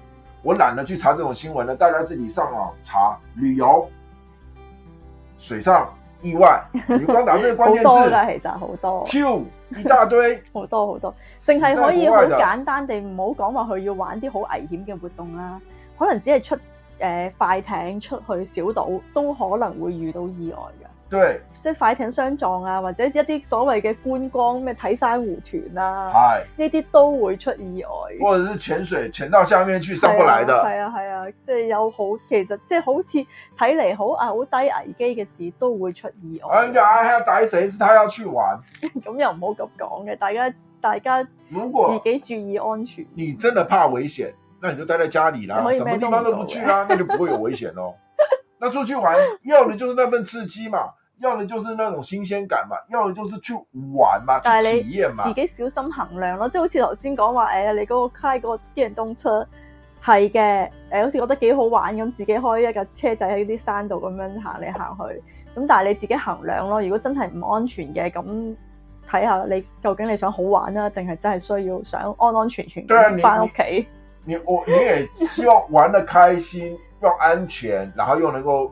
我懶得去查這種新聞啦，大家自己上網查旅遊水上意外，你光打呢個關鍵字其實好多，Q 一大堆，好 多好多，淨係可以好簡單地唔好講話佢要玩啲好危險嘅活動啦、啊，可能只係出誒、呃、快艇出去小島都可能會遇到意外噶。對，即、就、係、是、快艇相撞啊，或者一啲所謂嘅觀光咩睇珊瑚團啊係呢啲都會出意外。或者是潛水潛到下面去、啊、上不來的，係啊係啊，即係、啊啊、有好其實即係好似睇嚟，好啊好低危機嘅事都會出意外。咁、啊、就要睇誰是他要去玩，咁 又唔好咁講嘅，大家大家如果自己注意安全，你真的怕危險，那你就待在家裏啦，什麼， 什麼地方都不去啦、啊，那就不會有危險咯。 那出去玩要嘅就是那份刺激嘛。要嘅就是那種新鮮感嘛，要嘅就是去玩嘛，但係你自己小心衡量咯，即係好似頭先講話，誒、哎，你嗰個開嗰個電動車，係嘅，誒、哎，好似覺得幾好玩咁，自己開一架車仔喺啲山度咁樣行嚟行去，咁、哦、但係你自己衡量咯，如果真係唔安全嘅，咁睇下你究竟你想好玩啊，定係真係需要想安安全全翻屋企？你， 你我亦希望玩得開心，又 安全，然後又能夠。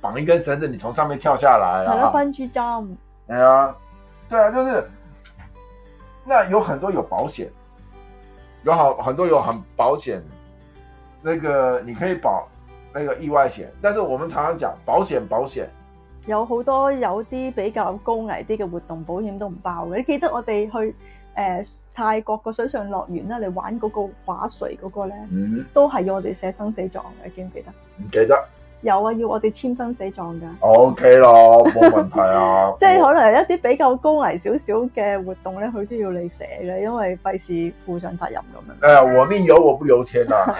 綁一根繩子，你從上面跳下來啦、啊。Bungee jump。係啊，對啊，就是。那有很多有保險，有好很多有很保險。那個你可以保那個意外險，但是我們常常講保險保險。有好多有啲比較高危啲嘅活動，保險都唔包嘅。你記得我哋去誒、呃、泰國個水上樂園啦，你玩嗰個滑水嗰個咧，嗯，都係要我哋寫生死狀嘅，記唔記得？唔記得。有啊，要我哋簽生死狀㗎。O K 啦，冇問題啊。即 係可能一啲比較高危少少嘅活動呢，佢都要你寫嘅，因為費事負上責任咁樣。哎呀，我命由我不由天啊。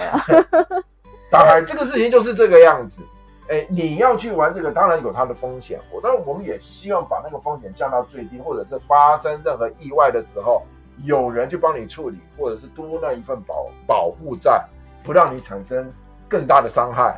當然，這個事情就是這個樣子，欸。你要去玩這個，當然有它的風險。我當然，我們也希望把那個風險降到最低，或者是發生任何意外的時候，有人去幫你處理，或者是多那一份保保護，在不讓你產生更大的傷害。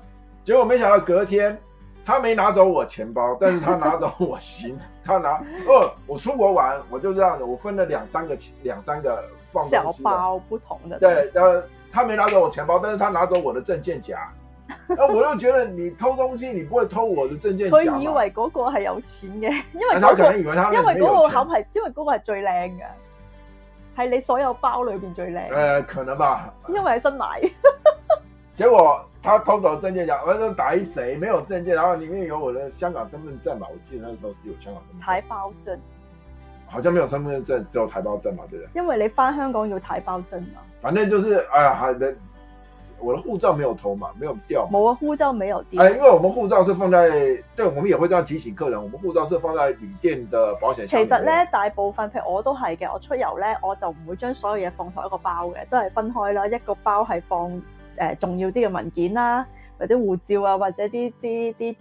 結果沒想到隔天，他沒拿走我錢包，但是他拿走我行。 他拿哦、呃，我出國玩，我就這樣子，我分了兩三個，兩三個放小包不同的。對，呃，他沒拿走我錢包，但是他拿走我的證件夾。那 我又覺得你偷東西，你不會偷我的證件夾。以以為嗰個是有錢嘅，因為嗰、那個、他因為嗰個口係，因為嗰個係最靚嘅，係你所有包裏邊最靚。誒、呃，可能吧。因為係新買。 結果他偷走證件，講我呢打一誰沒有證件，然後裏面有我的香港身份證嘛。我記得那時候是有香港身份證。台胞證，好像沒有身份證，只有台胞證嘛，對不對？因為你返香港要台胞證嘛。反正就是，哎呀，我的護照沒有偷嘛，沒有掉。冇啊，護照沒有掉。哎，因為我們護照是放在，對，我們也會這樣提醒客人，我們護照是放在旅店的保險箱。其實呢，大部分譬如我都係嘅，我出遊呢，我就唔會將所有嘢放同一個包嘅，都係分開啦，一個包係放。誒、呃，重要啲嘅文件啦、啊，或者護照啊，或者啲啲啲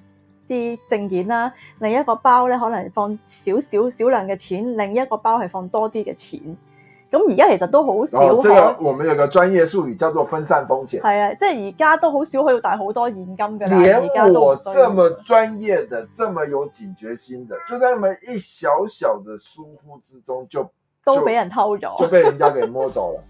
啲證件啦、啊，另一個包咧可能放少少少量嘅錢，另一個包係放多啲嘅錢。咁而家其實都好少。即、哦、係、這個、我們有個專業術語叫做分散風險。係啊，即係而家都好少可以帶好多現金噶啦。連我這麼專業的、這麼有警覺心的，嗯、就在那麼一小小的疏忽之中就，就都俾人偷咗，就被人家給摸走了。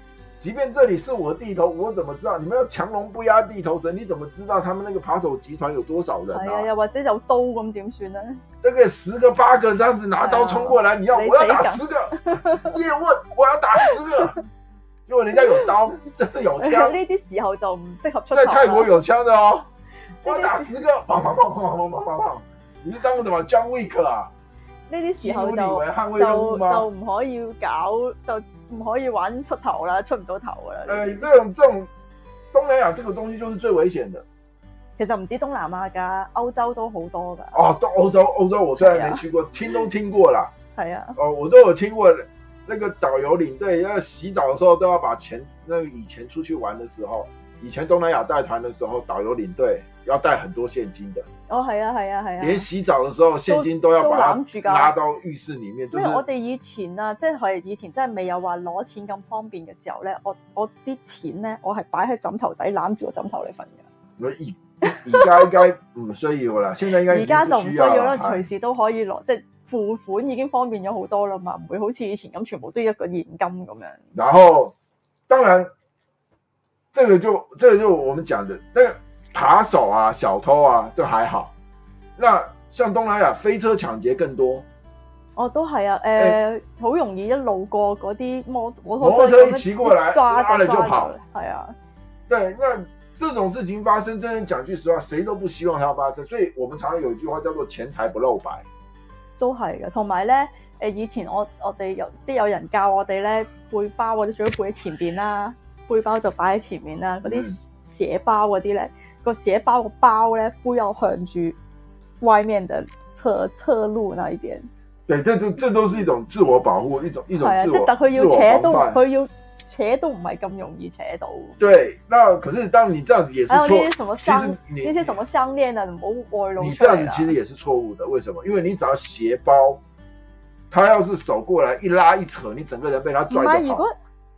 即便這裏是我地頭，我怎麼知道你們要強龍不壓地頭蛇？你怎麼知道他們那個扒手集團有多少人、啊？哎呀，又或者有刀，咁點算呢？這、嗯、個十個八個這樣子拿刀衝過來，你要你我要打十個，葉 問我要打十個，如 果人家有刀有槍，有、哎、呢、這個、時候就唔適合出，在泰國有槍的哦，這個、我要打十個，你是當我怎麼薑威克啊？呢 jack- 啲時候，你以為捍衛任務嗎？就就就唔可以搞就。唔可以玩出頭啦，出唔到頭噶誒、哎，這種這種東南亞這個東西就是最危險的。其實唔止東南亞噶，歐洲都好多噶。哦，都歐洲，歐洲我雖然沒去過、啊，聽都聽過啦。係啊。哦，我都有聽過，那個導遊領隊要洗澡的時候都要把錢，那個、以前出去玩的時候，以前東南亞帶團的時候，導遊領隊要帶很多現金的。哦，係啊，係啊，係啊！連、啊、洗澡嘅時候，現金都要攬住噶，到浴室裏面。都都就是、因為我哋以前啊，即、就、係、是、以前真係未有話攞錢咁方便嘅時候咧，我我啲錢咧，我係擺喺枕頭底攬住個枕頭嚟瞓嘅。而而家依家唔需要噶啦，先生依而家就唔需要啦，隨、啊、時都可以攞，即、就、係、是、付款已經方便咗好多啦嘛，唔會好似以前咁全部都一個現金咁樣。然後，當然，即、這個就即、這個就我們講嘅。那個扒手啊，小偷啊，就還好。那像東南亞飛車搶劫更多。哦，都係啊，誒、欸，好、呃、容易一路過嗰啲摩摩托車一騎過來，抓拉嚟就跑。係啊，對，那這種事情發生，真係講句實話，誰都不希望它發生。所以，我們常常有一句話叫做“錢財不露白”都是啊。都係嘅，同埋咧，誒，以前我我哋有啲有人教我哋咧，背包或者最好背喺前邊啦、啊，背包就擺喺前面啦、啊，嗰啲斜包嗰啲咧。個斜包個包呢，不要橫住外面的側側路那一邊。對，這這這都是一種自我保護，一種一種自我保護。但佢、啊、要扯到，佢要扯都唔係咁容易扯到。對，那可是當你這樣子也是錯。還有那些什麼項，那些什麼項鏈啊，什麼耳環，你這樣子其實也是錯誤的，為什麼？因為你只要斜包，他要是手過來一拉一扯，你整個人被他拽得好。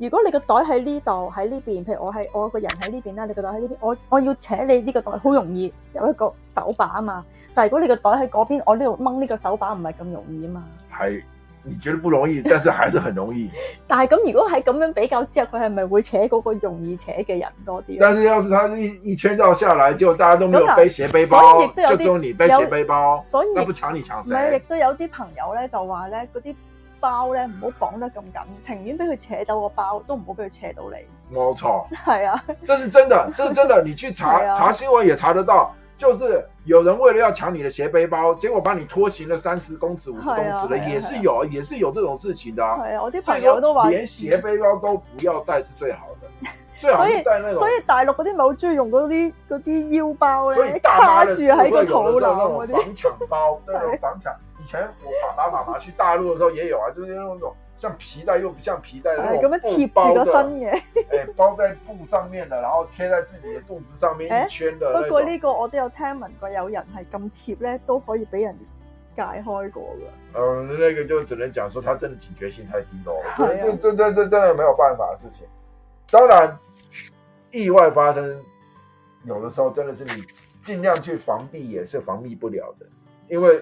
如果你個袋喺呢度喺呢邊，譬如我係我個人喺呢邊啦，你覺得喺呢邊，我我要扯你呢個袋，好容易有一個手把啊嘛。但係如果你個袋喺嗰邊，我呢度掹呢個手把唔係咁容易啊嘛。係，你覺得不容易，但是還是很容易。 但係咁，如果喺咁樣比較之後，佢係咪會扯嗰個容易扯嘅人多啲？但是要是他一圈道下來，就大家都沒有背斜背包，都就只有你背斜背包，所以要不搶你搶。唔係，亦都有啲朋友咧就話咧嗰啲。那些包咧唔好綁得咁緊，情願俾佢扯走個包，都唔好俾佢扯到你。冇錯，係啊，這是真的，這是真的。你去查、啊、查新聞也查得到，就是有人為了要搶你的斜背包，結果把你拖行了三十公尺、五十公尺的、啊啊啊，也是有，也是有這種事情的。係啊，我啲朋友都話，連斜背包都不要帶，是最好的。所以所以大陸嗰啲咪好鍾意用嗰啲啲腰包咧，卡住喺個肚腩嗰啲。防搶包，嗰 種防搶。以前我爸爸媽媽去大陸嘅時候也有啊，就是嗰種像皮帶又唔像皮帶嗰種布、哎、咁樣貼住個身嘅。誒、 欸，包在布上面的，然後貼在自己嘅肚子上面一圈嘅。不過呢個我都有聽聞過，有人係咁貼咧都可以俾人解開過嘅。嗯，那個就只能講說，他真係警覺性太低咯。 真真真真真係沒有辦法嘅事情。當然。意外發生，有的時候真的是你盡量去防避也是防避不了的，因為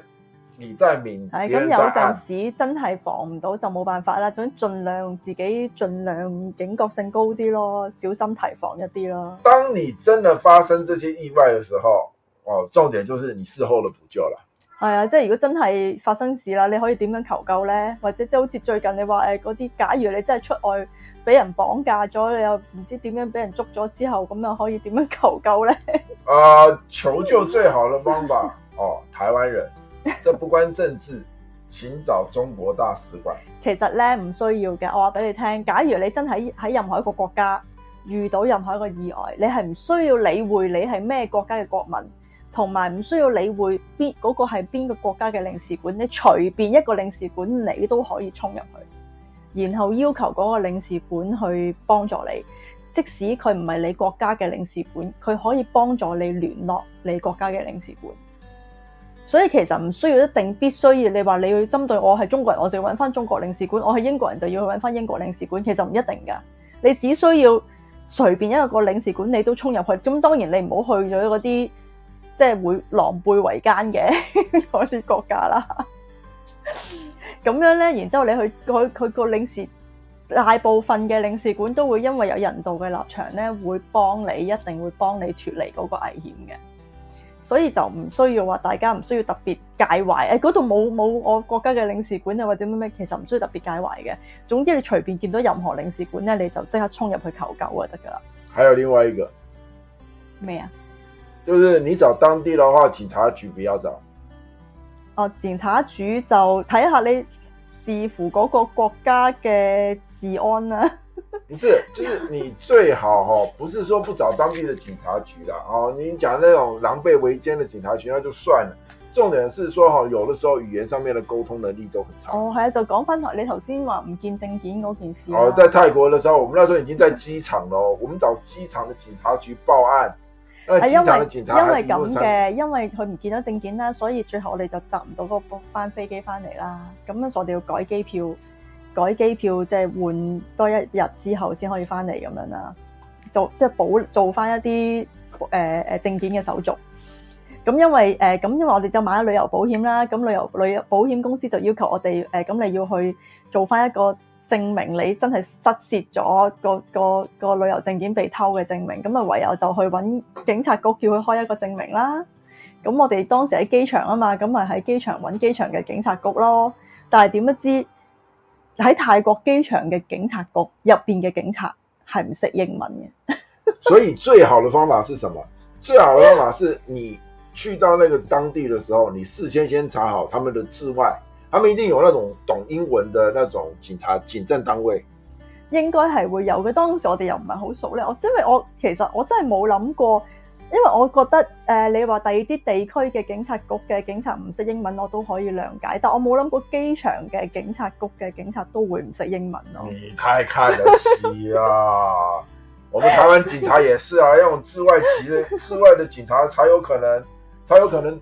你在明，有人在暗，有陣時真係防唔到，就冇辦法啦。總之盡量自己盡量警覺性高啲咯，小心提防一啲咯。當你真的發生這些意外的時候，哦，重點就是你事後的補救了。係、哎、啊，即係如果真係發生事啦，你可以點樣求救呢？或者即係好似最近你話誒，嗰、哎、啲假如你真係出外俾人綁架咗，你又唔知點樣俾人捉咗之後，咁又可以點樣求救呢？啊、呃，求救最好嘅方法 哦，台灣人，這不關政治，請找中國大使館。其實呢，唔需要嘅，我話俾你聽，假如你真係喺任何一個國家遇到任何一個意外，你係唔需要理會你係咩國家嘅國民。同埋唔需要理會邊嗰個係邊個國家嘅領事館，你隨便一個領事館你都可以衝入去，然後要求嗰個領事館去幫助你，即使佢唔係你國家嘅領事館，佢可以幫助你聯絡你國家嘅領事館，所以其實唔需要一定必須要你話你要針對我係中國人，我就要揾翻中國領事館，我係英國人就要去揾翻英國領事館，其實唔一定噶，你只需要隨便一個領事館你都衝入去。咁當然你唔好去咗嗰啲。即係會狼狽為奸嘅嗰啲國家啦，咁 樣咧，然之後你去佢去，去，去個領事，大部分嘅領事館都會因為有人道嘅立場咧，會幫你，一定會幫你脫離嗰個危險嘅。所以就唔需要話大家唔需要特別介懷，誒、哎，嗰度冇冇我國家嘅領事館啊，或者咩咩，其實唔需要特別介懷嘅。總之你隨便見到任何領事館咧，你就即刻衝入去求救啊，得噶啦。還有另外一個咩啊？就是你找當地的話，警察局不要找。哦，警察局就睇下你視乎嗰個國家嘅治安啊。 不是，就是你最好哈，不是說不找當地的警察局啦。哦，你講那種狼狽為奸的警察局，那就算了。重點是說哈，有的時候語言上面的溝通能力都很差。哦，係啊，就講翻頭你頭先話唔見證件嗰件事。哦，在泰國的時候，我們那時候已經在機場咯，我們找機場的警察局報案。係因為因為咁嘅，因為佢唔見咗證件啦，所以最後我哋就搭唔到嗰班飛機翻嚟啦。咁樣我哋要改機票，改機票即係換多一日之後先可以翻嚟咁樣啦。做即係補做翻一啲誒誒證件嘅手續。咁因為誒咁、呃，因為我哋就買咗旅遊保險啦。咁旅遊旅遊保險公司就要求我哋誒、咁、呃、你要去做翻一個。證明你真係失竊咗個個個，個旅遊證件被偷嘅證明，咁啊唯有就去揾警察局叫佢開一個證明啦。咁我哋當時喺機場啊嘛，咁咪喺機場揾機場嘅警察局咯。但係點不知喺泰國機場嘅警察局入邊嘅警察係唔識英文嘅。 所以最好嘅方法是什麼？最好嘅方法是你去到那個當地嘅時候，你事先先查好他們嘅字外。他們一定有那種懂英文的那種警察警政單位，應該係會有嘅。當時我哋又唔係好熟咧，我因為我其實我真係冇諗過，因為我覺得誒、呃，你話第二啲地區嘅警察局嘅警察唔識英文，我都可以諒解。但我冇諗過機場嘅警察局嘅警察都會唔識英文咯。你太看得起啦！ 我們台灣警察也是啊， 用室外級嘅室外嘅警察才有可能，才有可能。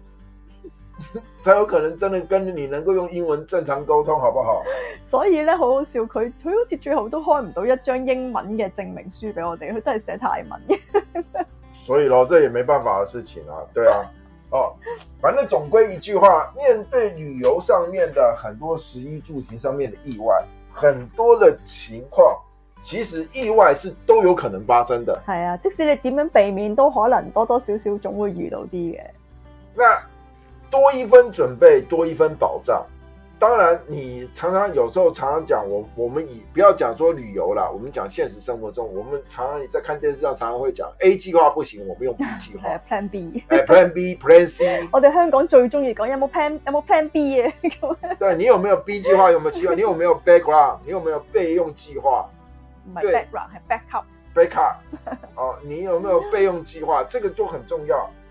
才有可能真的跟你能夠用英文正常溝通，好不好？所以呢，好好笑，佢佢好似最後都開唔到一張英文嘅證明書俾我哋，佢都係寫泰文嘅。 所以咯，這也沒辦法嘅事情啊，對啊，哦，反正總歸一句話，面對旅遊上面的很多衣食住行上面的意外，很多的情況，其實意外是都有可能發生的。係啊，即使你點樣避免，都可能多多少少總會遇到啲嘅。那多一分準備，多一分保障。當然，你常常有時候常常講，我我們以不要講說旅遊了，我們講現實生活中，我們常常在看電視上常常，常會講 A 計劃不行，我們用 B 計劃、 欸、，Plan B，Plan、欸、Plan B，Plan C。我哋香港最中意講有冇 Plan，有冇 Plan B 嘅？ 對你有沒有 B 計劃？有沒有計劃？你有沒有 background？你有沒有備用計劃？background 還 backup，backup 哦，你有沒有備用計劃？這個都很重要。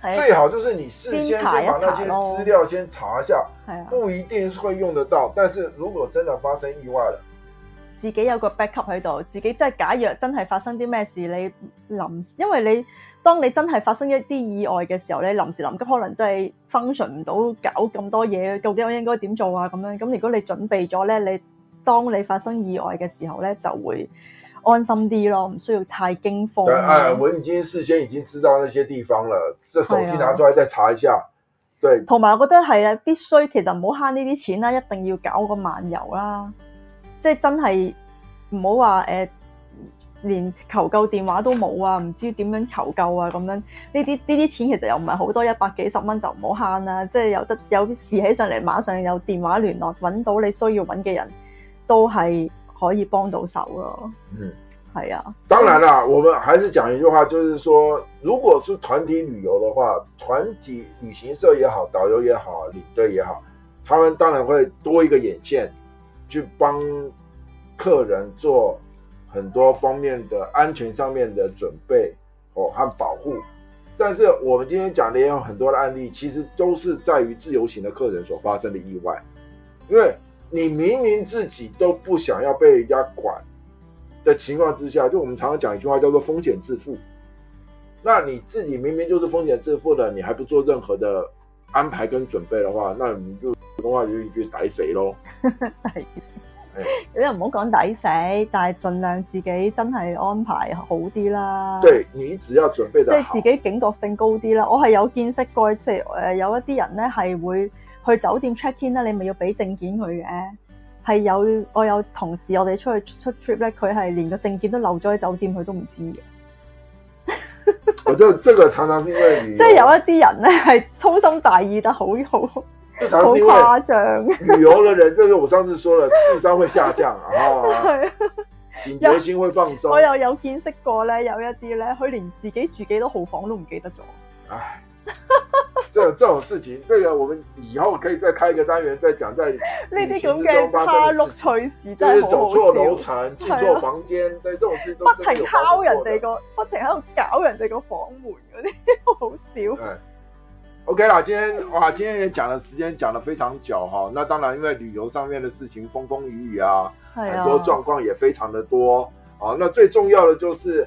最好就是你事先，先查一查，先把那些資料先查一下，係啊，不一定會用得到，但是如果真的發生意外了自，自己有個 backup 喺度，自己即係假若真係發生啲咩事，你臨，因為你當你真係發生一啲意外嘅時候你臨時臨急可能真係 function 唔到，搞咁多嘢，究竟我應該點做啊？咁樣，咁如果你準備咗呢，你當你發生意外嘅時候呢，就會，安心啲咯，唔需要太驚慌、啊哎。我已經事先已經知道那些地方了，只手機拿出嚟再查一下。啊、對，同埋我覺得係咧，必須其實唔好慳呢啲錢啦，一定要搞個漫遊啦、啊，即、就、係、是、真係唔好話誒，連求救電話都冇啊，唔知點樣求救啊咁樣。呢啲呢啲錢其實又唔係好多，一百幾十蚊就唔好慳啦。即、就、係、是、有得有事起上嚟，馬上有電話聯絡，揾到你需要揾嘅人都係。可以幫到手咯，嗯，係啊，當然啦、啊，我們還是講一句話，就是說，如果是團體旅遊的話，團體旅行社也好，導遊也好，領隊也好，他們當然會多一個眼線，去幫客人做很多方面的安全上面的準備、哦、和保護。但是我們今天講的也有很多的案例，其實都是在於自由行的客人所發生的意外，因為。你明明自己都不想要被人家管的情況之下，就我們常常講一句話叫做“風險自負”。那你自己明明就是風險自負的，你還不做任何的安排跟準備的話，那你就普通話就一句“抵死”咯。有人唔好講抵死，但係盡量自己真係安排好啲啦。對，你只要準備得好，即係自己警覺性高啲啦。我係有見識過，即係誒有一啲人咧係會。去酒店 check in 啦，你咪要俾證件佢嘅。係有我有同事，我哋出去出，出 trip 咧，佢係連個證件都漏咗喺酒店，佢都唔知嘅。我 覺、哦這個、這個常常是因為即係、就是、有一啲人咧係粗心大意，但好好常常好誇張。旅有的人，即 是我上次說了，智商會下降啊， 警覺性會放鬆。我又有見識過咧，有一啲咧，佢連自己住幾多號房都唔記得咗。唉。 這這種事情，這個我們以後可以再開一個單元再講，在旅行中發生趣事，就是走錯樓層、進錯房間，對，啊、對這種事情都不停敲人哋個，不停喺度搞人哋個房門嗰啲，些好少。OK 啦，今天哇，今天也講的時間講得非常久哈、啊。那當然，因為旅遊上面的事情風風雨雨啊，很多、啊、狀況也非常的多。好、啊，那最重要的就是。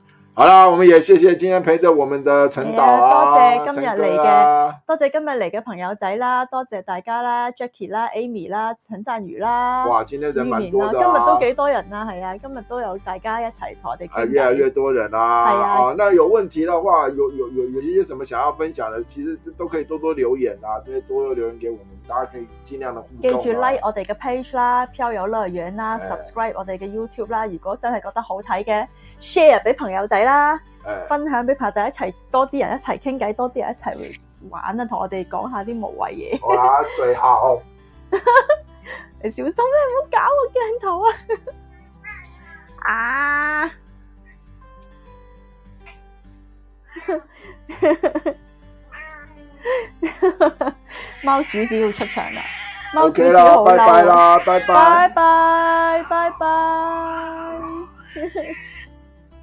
好啦，我們也謝謝今天陪着我們的陳導。多謝今日嚟嘅，多謝今日嚟嘅朋友仔啦，多謝大家啦，Jackie 啦，Amy 啦，陳贊瑜啦，哇，今日人蠻多、啊、今日都幾多人啦、啊，係啊，今日都有大家一齊陪我哋傾，係、啊、越來越多人啦、啊，係啊，啊，那有問題的話，有有有有一些什麼想要分享的，其實都可以多多留言啊，即、就、係、是、多多留言給我們，大家可以盡量的互動、啊、記住 like 我哋嘅 page 啦，漂遊樂圓啦、啊、，subscribe 我哋嘅 YouTube 啦，如果真係覺得好睇嘅，share 俾朋友仔。啦，分享俾朋友一齊，多啲人一齊傾偈，多啲人一齊玩啊！同我哋講下啲無謂嘢。好喇，最後，小心你，唔好搞我鏡頭啊！啊！貓主子要出場啦！貓主子好嬲啊！拜拜拜拜拜拜。